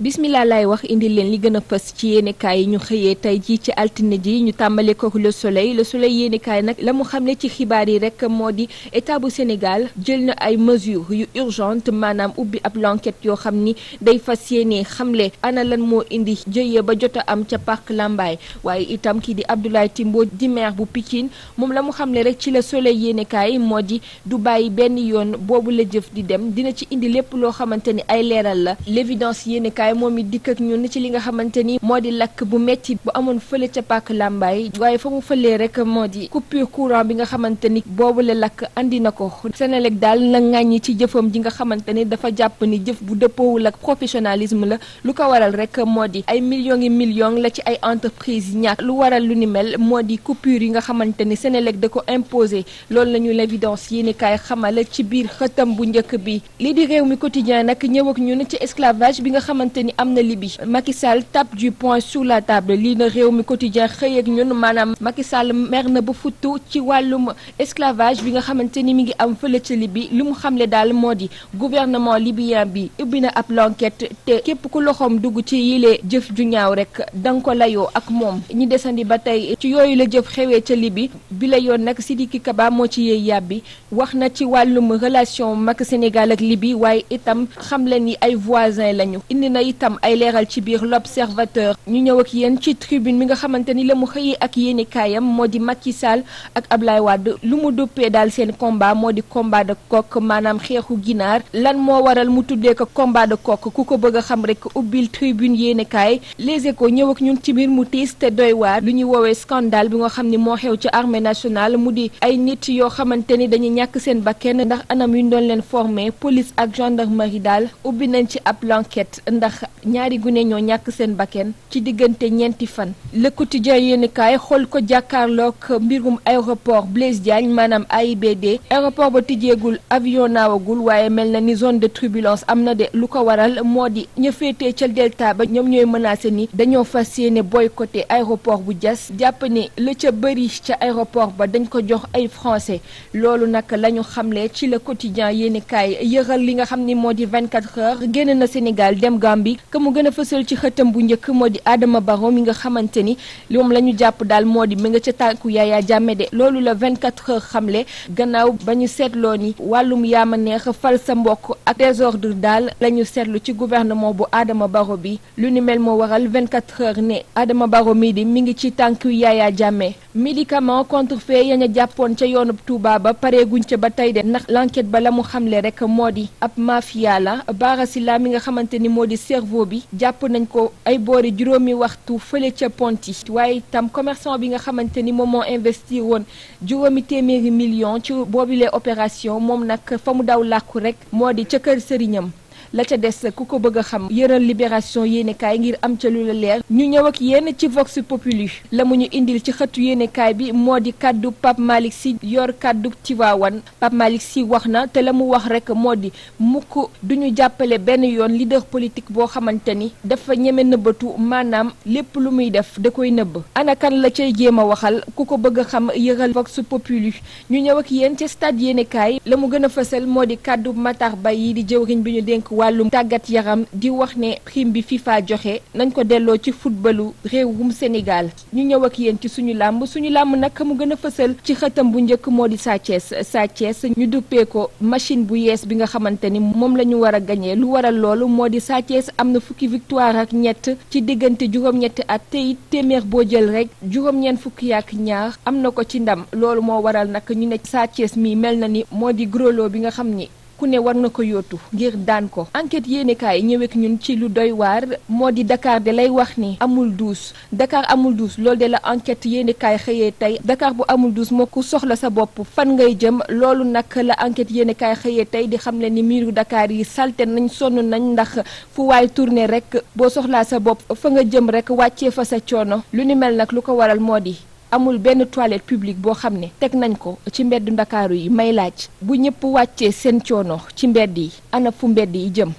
bismillah laay wax indi leen li gën a fës ci yéenekaay yi ñu xëyee tey jii ci altine ji ñu tàmbale ko le soleil la soleil yéenekaay nag la mu xamle ci xibaar yi rek moo di état bu Sénégal jël na ay mesures yu urgente maanaam ubbi ab l'enquête yoo xam ni day fas yéene xamle ana lan moo indi jëye ba jot am ca parc Lambaye waaye itam kii di Abdoulaye Timbo di maire bu Pikine moom la mu xamle rek ci la soleil yéenekaay moo di du bàyyi benn yoon boobu la jëf di dem dina ci indi lépp loo xamante ni ay leeral la l'évidence yéenekaay yéenekaay moom it dikk ak ñun ci li nga xamante ni moo di lakk bu metti bu amoon fële ca pàkk làmbaay waaye fa mu fëlee rek moo di coupure courant bi nga xamante ni boobu la lakk indi na ko Senelec daal na ŋàññi ci jëfam ji nga xamante ni dafa jàpp ni jëf bu dëppoowul ak professionnalisme la lu ko waral rek moo di ay million yi millions la ci ay entreprises ñàkk lu waral lu ni mel moo di coupure yi nga xamante ni Senelec da ko imposé loolu la ñu l'évidence yéenekaay xamale ci biir xëtam bu njëkk bi li bi nga xamante te ni am na Libye Macky Sall tape du poing sur la table lii na réew mi quotidien xëy ak ñun maanaam Macky Sall mer na ba futtu ci wàllum esclavage bi nga xamante ni mi ngi am fële ca Libye li mu xamle daal moo di gouvernement libien bi ubbi na ab l'enquête te képp ku loxoom dugg ci yile jëf ju ñaaw rek danga ko layoo ak moom ñi desandi ba tey ci yooyu la jëf xewee ca libi bila yoon nag Sidiki Kaba moo ci yëy yàbbi wax na ci wàllum relation mag Sénégal ak Libye waaye itam xam leen ni ay voisins lañu indi na itam ay leeral ci biir l'observateur ñu ñëw ak yéen ci tribune mi nga xamante ni la mu xëyee ak yéeni kaayam moo di Macky Sall ak ab Ablaye Wade lu mu duppee daal seen combat moo di combat de coq maanaam xeexu ginaar lan moo waral mu tuddee ko combat de coq ku ko bëgg xam rek ubbil tribune yéeni kaay Les Échos ñëw ñun ci biir mu tiis te doy waar lu ñuy woowee scandale bi nga xam ni moo xew ci armée nationale mu di ay nit yoo xamante ni dañuy ñàkk seen bakkan ndax anam yuñ doon leen formé police ak gendarmerie daal ubbi nañ ci ab enquête ndax ñaari gune ñoo ñàkk seen bakken ci diggante ñeenti fan le quotidien yéenekaay xool ko jàkkaarloog mbirum aéroport Blaise Diagne maanaam AIBD aéroport ba tijjeegul avion naawagul waaye mel na ni zone de turbulence am na de lu ko waral moo di ña féetee ca delta ba ñoom ñooy menacé ni dañoo fas yéene boycotté aéroport bu Diass jàpp ne la ca bëri ca aéroport ba dañ ko jox ay français loolu nag la ñu xamle ci le quotidien yéenekaay yëral li nga xam ni moo di 24 heures génn na Sénégal dem bi que mu gën a fësal ci xëtam bu njëkk moo di aadama Barrow mi nga xamante ni moom la ñu jàpp daal moo di mi nga ca tànku Yaya jàmme de loolu la 24 heures xamle gannaaw ba ñu seetloo ni wàllum ma neex a fal sa mbokk ak désordre daal lañu seetlu ci gouvernement bu aadama Barrow bi lu ni mel moo waral 24 heures ne Adama Barrow mii di mi ngi ci tànku Yaya Jammeh médicament contrefait yañ a jàppoon ca yoonub Touba ba pareeguñ ca ba tey de ndax l'enquête ba la mu xamle rek moo di ab mafia la baarasila mi nga xamante ni moo di cerveau bi jàpp nañ ko ay boori juróomi waxtu fële ca Ponti waaye itam commerçant bi nga xamante ni moom moo investir woon juróomi téeméeri million ci boobilee opération moom nag fa mu daw làkku rek moo di ca kër sëriñam la ca des ku ko bëgg a xam yëral libération yéenekaay ngir am ca lu la leer ñu ñëw ak yéen ci vox populi la mu ñu indil ci xëtu yéenekaay bi moo di kàddu Pape Malick Sy yor kàddu Tiwaawan Pape Malick Sy wax na te la mu wax rek moo di mukk du ñu jàppale benn yoon leader politique boo xamante ni dafa ñeme nëbbatu maanaam lépp lu muy def da koy nëbb ana kan la cay jéem a waxal ku ko bëgg a xam yëral vox populi ñu ñëw ak yéen ca stade yéenekaay la mu gën a fësal moo di kàddu Matar Ba yi di jëwriñ bi ñu dénk wàllum tàggat yaram di wax ne xiim bi FIFA joxe nañ ko delloo ci réew wum Sénégal ñu ñëw ak yéen ci suñu làmb suñu làmb nag mu gën a fësal ci xëtam bu njëkk moo di Sa Thiès Sa ñu duppee ko machine bu yees bi nga xamante ni moom la ñu war a gañee lu waral loolu moo di Sa Thiès am na fukki victoire ak ñett ci diggante juróom-ñetti at tey téeméer boo jël rek juróom-ñeent fukki ak ñaar am na ko ci ndam loolu moo waral nag ñu ne Sa Thiès mi mel na ni moo di grolo bi nga xam ni ku ne war na ko yóotu ngir daan ko enquête yéenekaay ñëweek ñun ci lu doy waar moo di Dakar de lay wax ni amul duus Dakar amul duus loolu de la enquête yéenekaay xëyee tey Dakar bu amul duus moo ku soxla sa bopp fan ngay jëm loolu nag la enquête yéenekaay xëyee tey di xam le ni miiru dakaar yi salte nañ sonn nañ ndax fu waay tourné rek boo soxlaa sa bopp fa nga jëm rek wàccee fa sa coono lu ni mel nag lu ko waral moo di amul benn toilette publique boo xam ne teg nañ ko ci mbedd ndakaaru yi may laaj bu ñëpp wàccee seen coono ci mbedd yi ana fu mbedd yi jëm